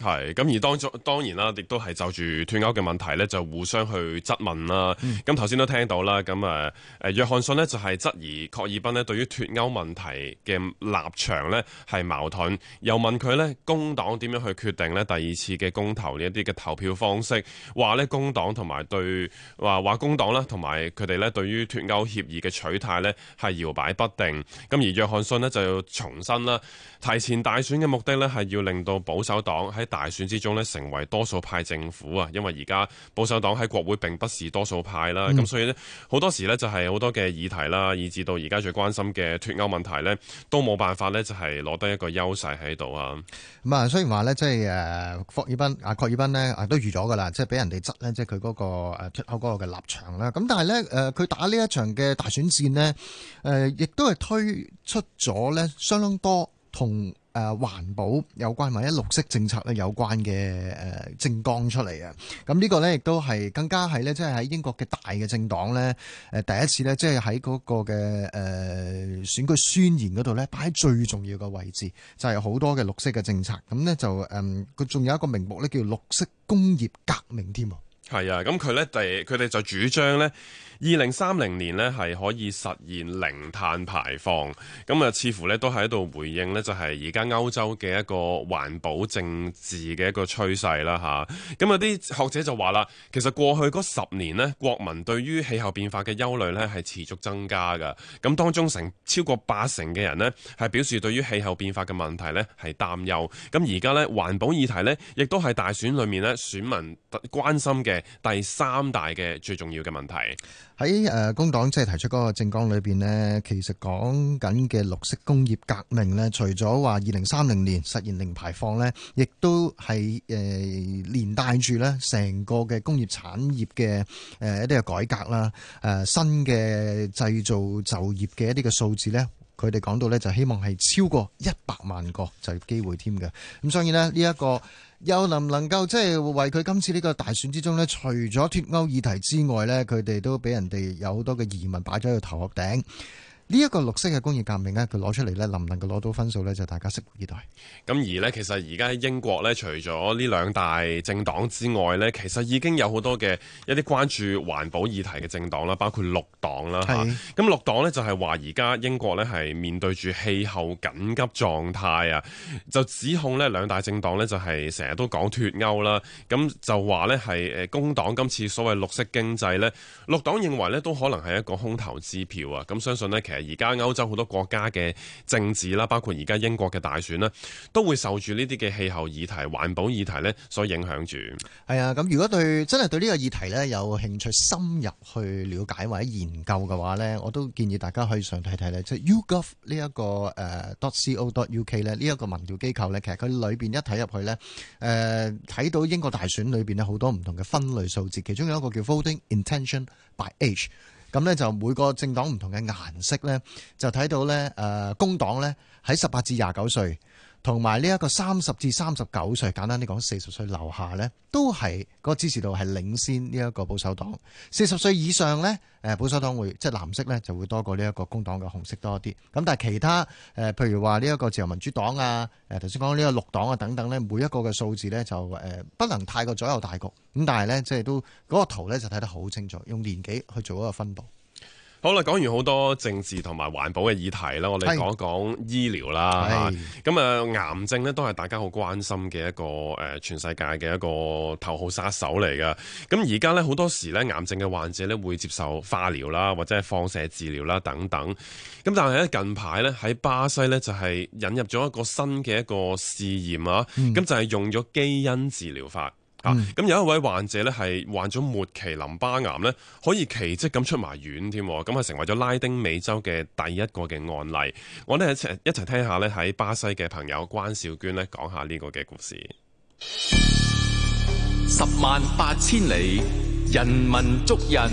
係，咁而當中當然啦，亦都係就住脱歐嘅問題咧，就互相去質問啦。咁頭先都聽到啦，咁誒誒約翰遜呢，就係質疑霍爾賓咧對於脱歐問題嘅立場呢係矛盾，又問佢呢，工黨點樣去決定呢第二次嘅公投呢一啲嘅投票方式，話呢工黨同埋對話話工黨啦，同埋佢哋呢對於脱歐協議嘅取態呢係搖擺不定。咁而約翰遜呢，就要重申啦，提前大選嘅目的呢係要令到保守黨喺大選之中咧，成為多數派政府啊！因為而家保守黨喺國會並不是多數派啦，咁、嗯、所以咧好多時呢，就係好多嘅議題啦，以至到而家最關心嘅脱歐問題呢，都冇辦法呢，就係攞得一個優勢喺度啊！咁啊、嗯，雖然話、就是啊、呢，即係誒霍爾賓啊郭爾賓呢，啊都預咗噶啦，即係俾人哋窒呢，即係佢嗰個誒脱歐嗰個嘅立場啦。咁但係呢，誒，佢打呢一場嘅大選戰呢，誒、呃、亦都係推出咗呢相當多同。誒，環、啊、保有關或者綠色政策咧有關嘅誒、呃、政綱出嚟啊，咁呢個咧亦都係更加係咧，即係喺英國嘅大嘅政黨咧，誒、呃、第一次咧，即係喺嗰個嘅誒、呃、選舉宣言嗰度咧，擺喺最重要嘅位置，就係、是、好多嘅綠色嘅政策，咁咧就誒，佢、呃、仲有一個名目咧叫綠色工業革命添、啊。係啊，咁佢咧第佢哋就主張咧，二零三零年咧係可以實現零碳排放。咁啊，似乎咧都喺度回應咧，就係而家歐洲嘅一個環保政治嘅一個趨勢啦吓，咁有啲學者就話啦，其實過去嗰十年咧，國民對於氣候變化嘅憂慮咧係持續增加嘅。咁當中成超過八成嘅人咧係表示對於氣候變化嘅問題咧係擔憂，咁而家咧環保議題咧亦都係大選裏面咧選民特關心嘅。第三大嘅最重要嘅問題喺誒工黨即係提出嗰個政綱裏邊呢，其實講緊嘅綠色工業革命呢，除咗話二零三零年實現零排放呢，亦都係誒連帶住呢成個嘅工業產業嘅誒一啲嘅改革啦，誒新嘅製造就業嘅一啲嘅數字呢，佢哋講到呢，就希望係超過一百萬個就業機會添嘅。咁所以呢，呢一個。又能唔能夠即係為佢今次呢個大選之中，呢除咗脫歐議題之外，呢佢哋都俾人哋有好多嘅疑問擺咗喺頭殼頂。呢一個綠色嘅工業革命咧，佢攞出嚟咧，能唔能夠攞到分數呢？就大家拭目以待。咁而呢，其實而家喺英國呢，除咗呢兩大政黨之外呢，其實已經有好多嘅一啲關注環保議題嘅政黨啦，包括綠黨啦，咁綠黨呢，就係話而家英國呢，係面對住氣候緊急狀態啊，就指控呢兩大政黨呢，就係成日都講脱歐啦。咁就話呢，係誒工黨今次所謂綠色經濟呢，綠黨認為呢，都可能係一個空頭支票啊。咁相信呢。其實而家歐洲好多國家嘅政治啦，包括而家英國嘅大選啦，都會受住呢啲嘅氣候議題、環保議題咧，所影響住。係啊，咁如果對真係對呢個議題咧有興趣深入去了解或者研究嘅話咧，我都建議大家可以上睇睇咧，即係 YouGov 呢一個誒 dot co dot uk 咧呢一個民調機構咧，其實佢裏邊一睇入去咧，誒睇到英國大選裏邊咧好多唔同嘅分類數字，其中有一個叫 Voting Intention by Age。咁呢，就每個政黨唔同嘅顏色呢，就睇到呢。誒工黨呢，喺十八至廿九歲，同埋呢一個三十至三十九歲，簡單啲講四十歲樓下呢都係嗰個支持度係領先呢一個保守黨。四十歲以上呢，誒保守黨會即係藍色呢就會多過呢一個工黨嘅紅色多啲。咁但係其他誒，譬如話呢一個自由民主黨啊，誒頭先講呢個綠黨啊等等呢，每一個嘅數字呢就誒不能太過左右大局。咁但係呢，即係都嗰個圖呢就睇得好清楚，用年紀去做一個分佈。好啦，講完好多政治同埋環保嘅議題啦，我哋講一講醫療啦。咁啊，癌症咧都係大家好關心嘅一個誒，全世界嘅一個頭號殺手嚟㗎。咁而家咧好多時咧，癌症嘅患者咧會接受化療啦，或者係放射治療啦等等。咁但係咧近排咧喺巴西咧就係引入咗一個新嘅一個試驗啊，咁、嗯、就係用咗基因治療法。嗯、啊！咁有一位患者咧，係患咗末期淋巴癌咧，可以奇蹟咁出埋院添，咁係成為咗拉丁美洲嘅第一個嘅案例。我哋一齊聽一下咧喺巴西嘅朋友關少娟咧講下呢個嘅故事。十萬八千里，人民捉人」。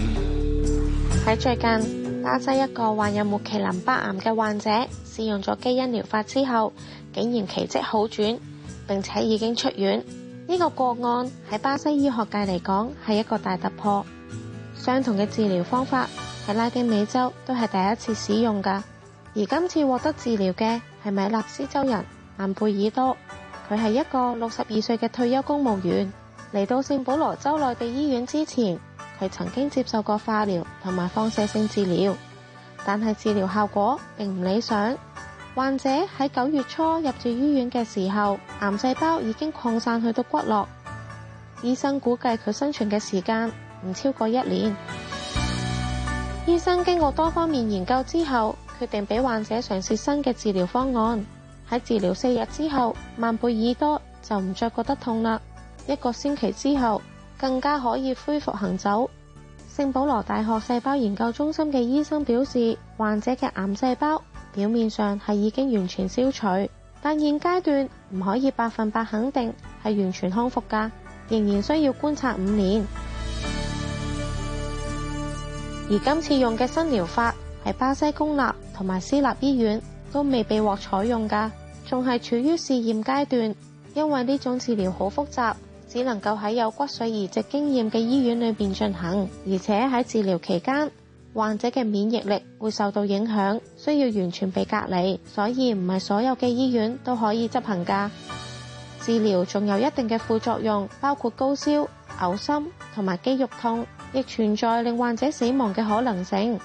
喺最近，巴西一個患有末期淋巴癌嘅患者，試用咗基因療法之後，竟然奇蹟好轉，並且已經出院。呢個個案喺巴西醫學界嚟講係一個大突破，相同嘅治療方法喺拉丁美洲都係第一次使用㗎。而今次獲得治療嘅係米納斯州人，曼貝爾多，佢係一個六十二歲嘅退休公務員。嚟到聖保羅州內地醫院之前，佢曾經接受過化療同埋放射性治療，但係治療效果並唔理想。患者喺九月初入住醫院嘅時候，癌細胞已經擴散去到骨骼，醫生估計佢生存嘅時間唔超過一年。醫生經過多方面研究之後，決定俾患者嘗試新嘅治療方案。喺治療四日之後，萬貝爾多就唔再覺得痛啦。一個星期之後，更加可以恢復行走。聖保羅大學細胞研究中心嘅醫生表示，患者嘅癌細胞，表面上係已經完全消除，但現階段唔可以百分百肯定係完全康復噶，仍然需要觀察五年。而今次用嘅新療法係巴西公立同埋私立醫院都未被獲採用噶，仲係處於試驗階段，因爲呢種治療好複雜，只能夠喺有骨髓移植經驗嘅醫院裏邊進行，而且喺治療期間。患者嘅免疫力會受到影響，需要完全被隔離，所以唔係所有嘅醫院都可以執行㗎。治療仲有一定嘅副作用，包括高燒、嘔心同埋肌肉痛，亦存在令患者死亡嘅可能性。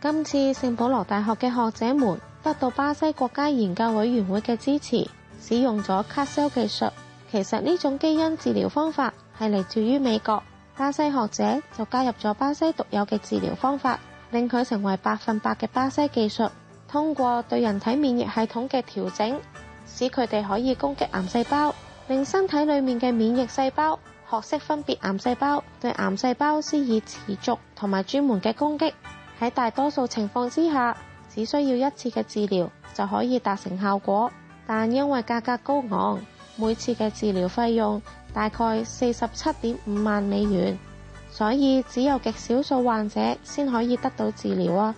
今次聖保羅大學嘅學者們得到巴西國家研究委員會嘅支持，使用咗卡修技術。其實呢種基因治療方法係嚟自於美國。巴西學者就加入咗巴西獨有嘅治療方法，令佢成為百分百嘅巴西技術。通過對人體免疫系統嘅調整，使佢哋可以攻擊癌細胞，令身體裏面嘅免疫細胞學識分別癌細胞，對癌細胞施以持續同埋專門嘅攻擊。喺大多數情況之下，只需要一次嘅治療就可以達成效果，但因為價格高昂，每次嘅治療費用，大概四十七點五萬美元，所以只有極少數患者先可以得到治療啊。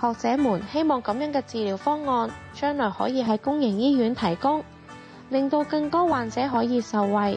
學者們希望咁樣嘅治療方案將來可以喺公營醫院提供，令到更多患者可以受惠。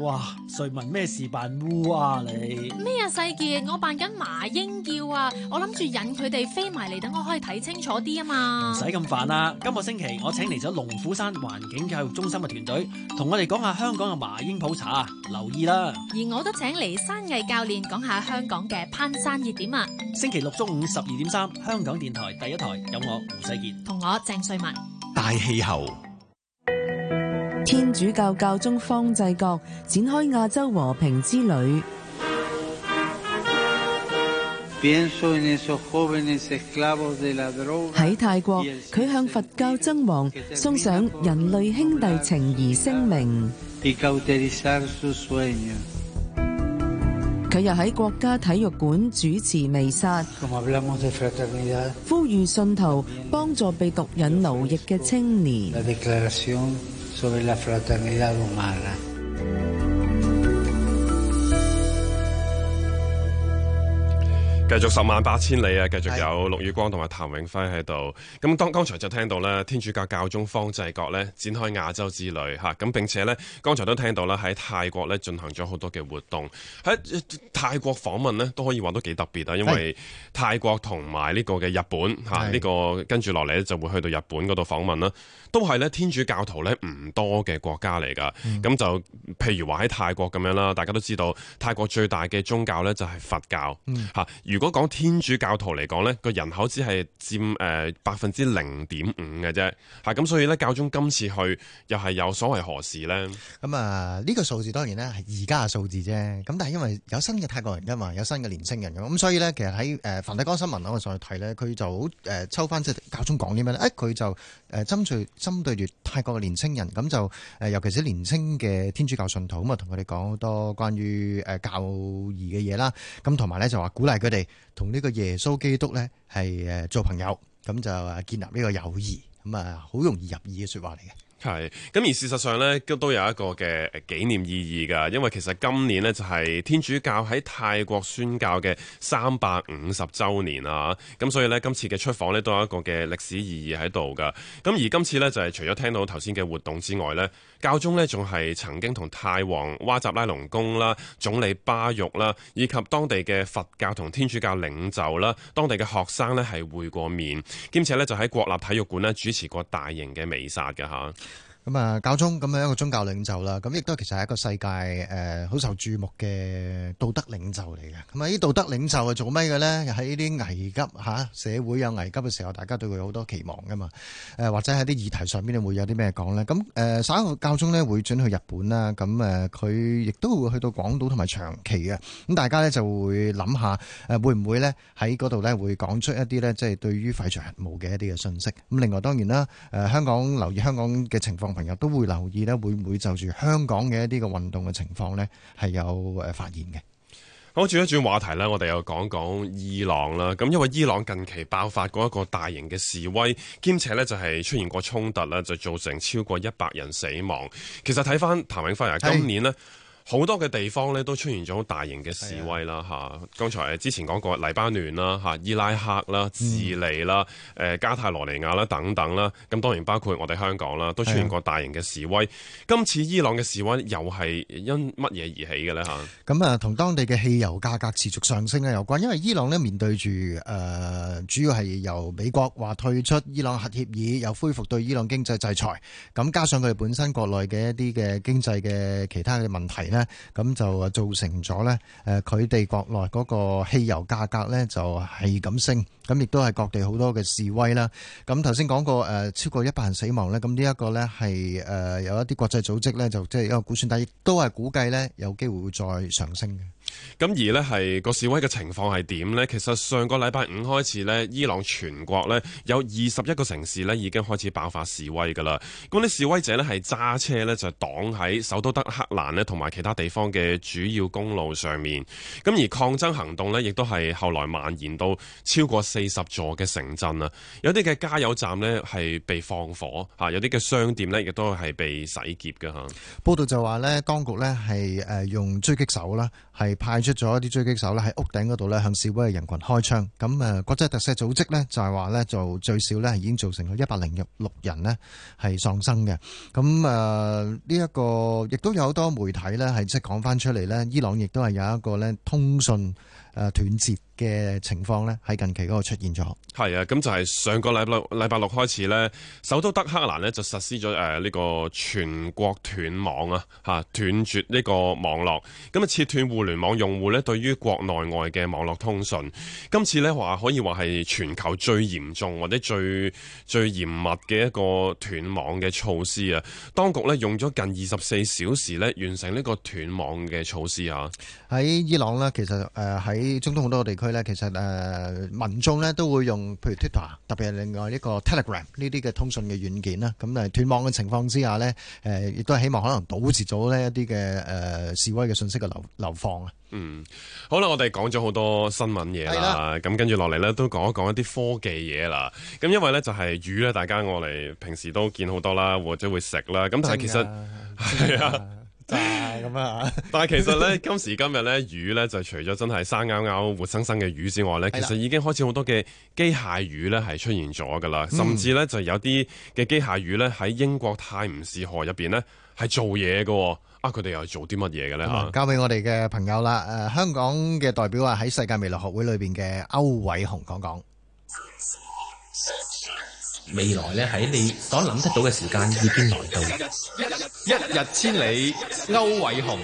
哇！瑞文，咩事扮烏啊你？咩啊世杰，我扮緊麻鷹叫啊！我諗住引佢哋飛埋嚟，等我可以睇清楚啲啊嘛！唔使咁煩啦，今個星期我請嚟咗龍虎山環境教育中心嘅團隊，同我哋講下香港嘅麻鷹普查啊！留意啦。而我都請嚟山藝教練講下香港嘅攀山熱點啊！星期六中午十二點三，3, 香港電台第一台有我胡世杰同我鄭瑞文大氣候。天主教教宗方濟各展開亞洲和平之旅。喺泰國，佢向佛教僧王送上人類兄弟情誼聲明。佢又喺國家體育館主持彌撒，呼籲信徒幫助被毒癮奴役嘅青年。關於《繼續十萬八千里啊！繼續有陸宇光同埋譚永輝喺度。咁當剛才就聽到咧，天主教教宗方濟各咧展開亞洲之旅嚇，咁並且呢剛才都聽到啦，喺泰國咧進行咗好多嘅活動。喺泰國訪問呢都可以話都幾特別啊！因為泰國同埋呢個嘅日本嚇，呢是、啊這個跟住落嚟咧就會去到日本嗰度訪問啦。都係咧天主教徒咧唔多嘅國家嚟噶，咁就譬如話喺泰國咁樣啦，大家都知道泰國最大嘅宗教咧就係佛教，嚇。嗯、如果講天主教徒嚟講咧，個人口只係佔誒百分之零點五嘅啫，嚇、呃。咁所以咧教宗今次去又係有所謂何事咧？咁、嗯、啊，呢、呢個數字當然咧係而家嘅數字啫。咁但係因為有新嘅泰國人噶嘛，有新嘅年輕人咁，所以咧其實喺誒梵蒂岡新聞我哋上去睇咧，佢就好抽翻即係教宗講啲咩咧？誒、啊、佢就誒針對。呃針對住泰國嘅年青人，咁就誒，尤其是年青嘅天主教信徒，咁啊，同佢哋講多關於誒教義嘅嘢啦，咁同埋咧就話鼓勵佢哋同呢個耶穌基督咧係誒做朋友，咁就誒建立呢個友誼，咁啊好容易入耳嘅説話嚟嘅。係，咁而事實上呢，都有一個嘅紀念意義噶，因為其實今年呢，就係、是、天主教喺泰國宣教嘅三百五十週年啊，咁所以呢，今次嘅出訪呢，都有一個嘅歷史意義喺度噶。咁、啊、而今次呢，就係、是、除咗聽到頭先嘅活動之外呢，教宗呢仲係曾經同泰王哇集拉隆功啦、總理巴育啦、啊，以及當地嘅佛教同天主教領袖啦、啊、當地嘅學生呢，係會過面，兼且呢，就喺國立體育館呢，主持過大型嘅彌撒嘅嚇。啊咁啊，教宗咁樣，一個宗教領袖啦，咁亦都其實係一個世界誒，好受注目嘅道德領袖嚟嘅。咁啊，呢道德領袖係做咩嘅咧？又喺呢啲危急吓，社會有危急嘅時候，大家對佢好多期望噶嘛。誒，或者喺啲議題上邊，會唔會有啲咩講咧？咁誒，稍後教宗咧會轉去日本啦。咁誒，佢亦都會去到廣島同埋長崎嘅。咁大家咧就會諗下，誒，會唔會咧喺嗰度咧會講出一啲咧，即係對於廢除核武嘅一啲嘅信息。咁另外，當然啦，誒，香港留意香港嘅情況。朋友都會留意咧，會唔會就住香港嘅一啲嘅運動嘅情況咧，係有誒發現嘅。好，轉一轉話題呢，我哋又講講伊朗啦。咁因為伊朗近期爆發過一個大型嘅示威，兼且呢就係出現過衝突啦，就造成超過一百人死亡。其實睇翻譚永輝啊，是今年呢。好多嘅地方咧都出現咗大型嘅示威啦，吓，剛才之前講過黎巴嫩啦，吓伊拉克啦、智利啦、誒、嗯、加泰羅尼亞啦等等啦，咁當然包括我哋香港啦，都出現過大型嘅示威。今次伊朗嘅示威又係因乜嘢而起嘅咧吓？咁啊，同當地嘅汽油價格持續上升咧有關，因為伊朗咧面對住誒、呃、主要係由美國話退出伊朗核協議又恢復對伊朗經濟制裁，咁加上佢哋本身國內嘅一啲嘅經濟嘅其他嘅問題咧。咁就啊造成咗呢，佢哋國內嗰個汽油價格呢就係咁升，咁亦都係各地好多嘅示威啦。咁頭先講過誒、呃，超過一百人死亡呢。咁呢一個呢係有一啲國際組織呢，就即、是、係一個估算，但亦都係估計呢，有機會會再上升嘅。咁而呢係個示威嘅情況係點呢？其實上個禮拜五開始呢，伊朗全國呢有二十一個城市呢已經開始爆發示威㗎啦。咁啲示威者呢係揸車呢，就擋喺首都德黑蘭呢。同埋，其他地方嘅主要公路上面，咁而抗爭行動呢，亦都係後來蔓延到超過四十座嘅城鎮啊！有啲嘅加油站呢係被放火吓，有啲嘅商店呢亦都係被洗劫嘅吓。報道就話呢，當局呢係誒用狙擊手啦。係派出咗一啲狙擊手咧，喺屋頂嗰度咧向示威嘅人羣開槍。咁誒，國際特赦組織咧就係話咧，就最少咧係已經造成咗一百零六人咧係喪生嘅。咁誒，呢一個亦都有好多媒體咧係即係講翻出嚟咧，伊朗亦都係有一個咧通訊誒斷絕。嘅情況呢，喺近期嗰個出現咗。係啊，咁就係上個禮拜禮拜六開始呢，首都德黑蘭呢就實施咗誒呢個全國斷網啊，嚇斷絕呢個網絡。咁啊，切斷互聯網用戶呢對於國內外嘅網絡通訊。今次呢話可以話係全球最嚴重或者最最嚴密嘅一個斷網嘅措施啊。當局呢用咗近二十四小時呢完成呢個斷網嘅措施啊。喺伊朗呢，其實誒喺中東好多地區。其實誒、呃、民眾咧都會用，譬如 Twitter，特別係另外一個 Telegram 呢啲嘅通訊嘅軟件啦。咁誒斷網嘅情況之下咧，誒、呃、亦都係希望可能導致咗呢一啲嘅誒示威嘅信息嘅流流放啊。嗯，好啦，我哋講咗好多新聞嘢啦，咁跟住落嚟咧都講一講一啲科技嘢啦。咁因為咧就係、是、魚咧，大家我哋平時都見好多啦，或者會食啦。咁但係其實吓。咁啊！啊但係其實咧，今時今日咧， 魚咧就除咗真係生勾勾、活生生嘅魚之外咧，的其實已經開始好多嘅機械魚咧係出現咗噶啦。嗯、甚至咧就有啲嘅機械魚咧喺英國泰晤士河入邊咧係做嘢嘅，哦。啊，佢哋又係做啲乜嘢嘅咧？交俾我哋嘅朋友啦。誒、呃，香港嘅代表啊，喺世界未來學會裏邊嘅歐偉雄講講。 未來咧喺你所諗得到嘅時間已經來到一一，一日千里，歐偉雄。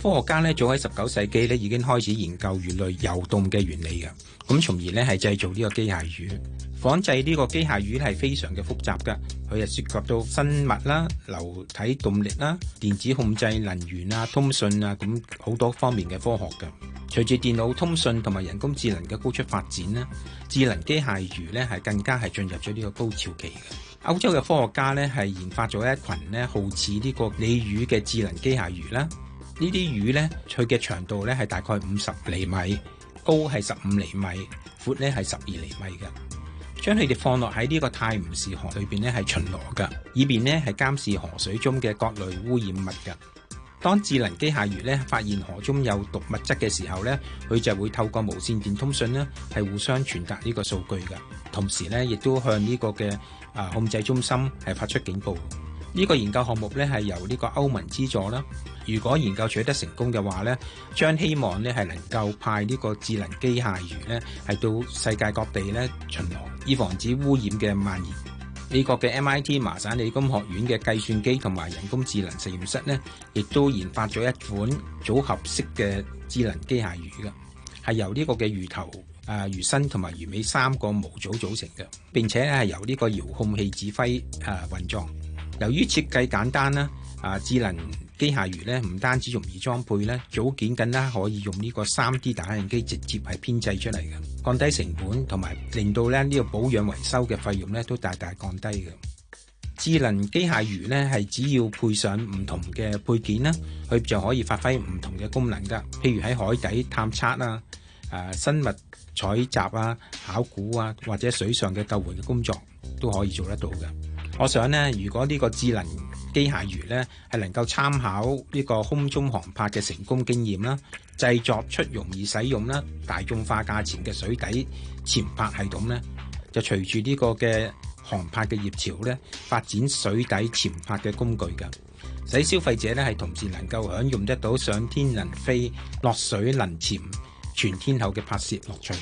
科學家咧早喺十九世紀咧已經開始研究魚類游動嘅原理嘅。咁，從而咧係製造呢個機械魚。仿製呢個機械魚係非常嘅複雜噶，佢係涉及到生物啦、流體動力啦、電子控制、能源啊、通訊啊，咁好多方面嘅科學嘅。隨住電腦通訊同埋人工智能嘅高速發展咧，智能機械魚呢係更加係進入咗呢個高潮期嘅。歐洲嘅科學家呢係研發咗一羣呢好似呢個鯉魚嘅智能機械魚啦。呢啲魚呢，佢嘅長度呢係大概五十厘米。高係十五厘米，闊咧係十二厘米嘅。將佢哋放落喺呢個泰晤士河裏邊咧，係巡邏噶，以便呢係監視河水中嘅各類污染物噶。當智能機械魚呢發現河中有毒物質嘅時候呢，佢就會透過無線電通訊呢係互相傳達呢個數據噶，同時呢，亦都向呢個嘅啊控制中心係發出警報。呢個研究項目呢，係由呢個歐盟資助啦。如果研究取得成功嘅話，咧，將希望咧係能夠派呢個智能機械魚咧，係到世界各地咧巡邏，以防止污染嘅蔓延。美國嘅 MIT 麻省理工學院嘅計算機同埋人工智能實驗室咧，亦都研發咗一款組合式嘅智能機械魚㗎，係由呢個嘅魚頭、啊魚身同埋魚尾三個模組組成嘅，並且係由呢個遙控器指揮啊運作。由於設計簡單啦。啊！智能機械魚咧，唔單止容易裝配咧，組件更加可以用呢個三 D 打印機直接係編製出嚟嘅，降低成本同埋令到咧呢個保養維修嘅費用咧都大大降低嘅。智能機械魚咧係只要配上唔同嘅配件啦，佢就可以發揮唔同嘅功能噶。譬如喺海底探測啊、誒生物採集啊、考古啊，或者水上嘅救援嘅工作都可以做得到嘅。我想咧，如果呢個智能機械魚呢係能夠參考呢個空中航拍嘅成功經驗啦，製作出容易使用啦、大眾化價錢嘅水底潛拍系統呢，就隨住呢個嘅航拍嘅熱潮呢發展水底潛拍嘅工具噶，使消費者呢係同時能夠享用得到上天能飛、落水能潛、全天候嘅拍攝樂趣。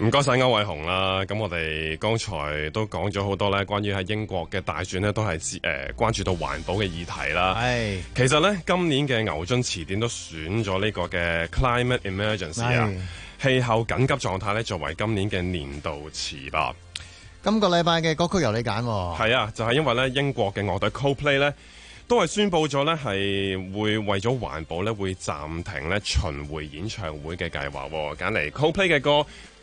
唔該晒歐偉雄啦。咁我哋剛才都講咗好多咧，關於喺英國嘅大選呢都係誒、呃、關注到環保嘅議題啦。係是其實咧，今年嘅牛津詞典都選咗是呢個嘅 climate emergency 啊，氣候緊急狀態咧，作為今年嘅年度詞吧。今個禮拜嘅歌曲由你揀、啊，係啊，就係、是、因為咧英國嘅樂隊 Coldplay 咧都係宣布咗咧係會為咗環保咧會暫停咧巡迴演唱會嘅計劃。揀嚟 Coldplay 嘅歌。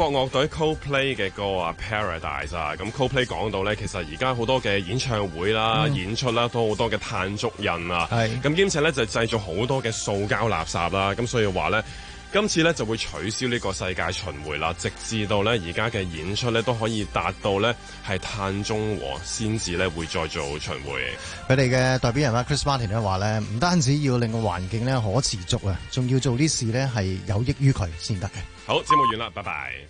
國樂隊 Coldplay 嘅歌啊 Paradise 啊，咁 Coldplay 講到咧，其實而家好多嘅演唱會啦、嗯、演出啦、啊，都好多嘅碳足印啊，係、咁兼且咧就製造好多嘅塑膠垃圾啦，咁所以話咧。今次咧就會取消呢個世界巡迴啦，直至到咧而家嘅演出咧都可以達到咧係碳中和，先至咧會再做巡迴。佢哋嘅代表人物 Chris Martin 咧話咧，唔單止要令個環境咧可持續啊，仲要做啲事咧係有益於佢先得嘅。好，節目完啦，拜拜。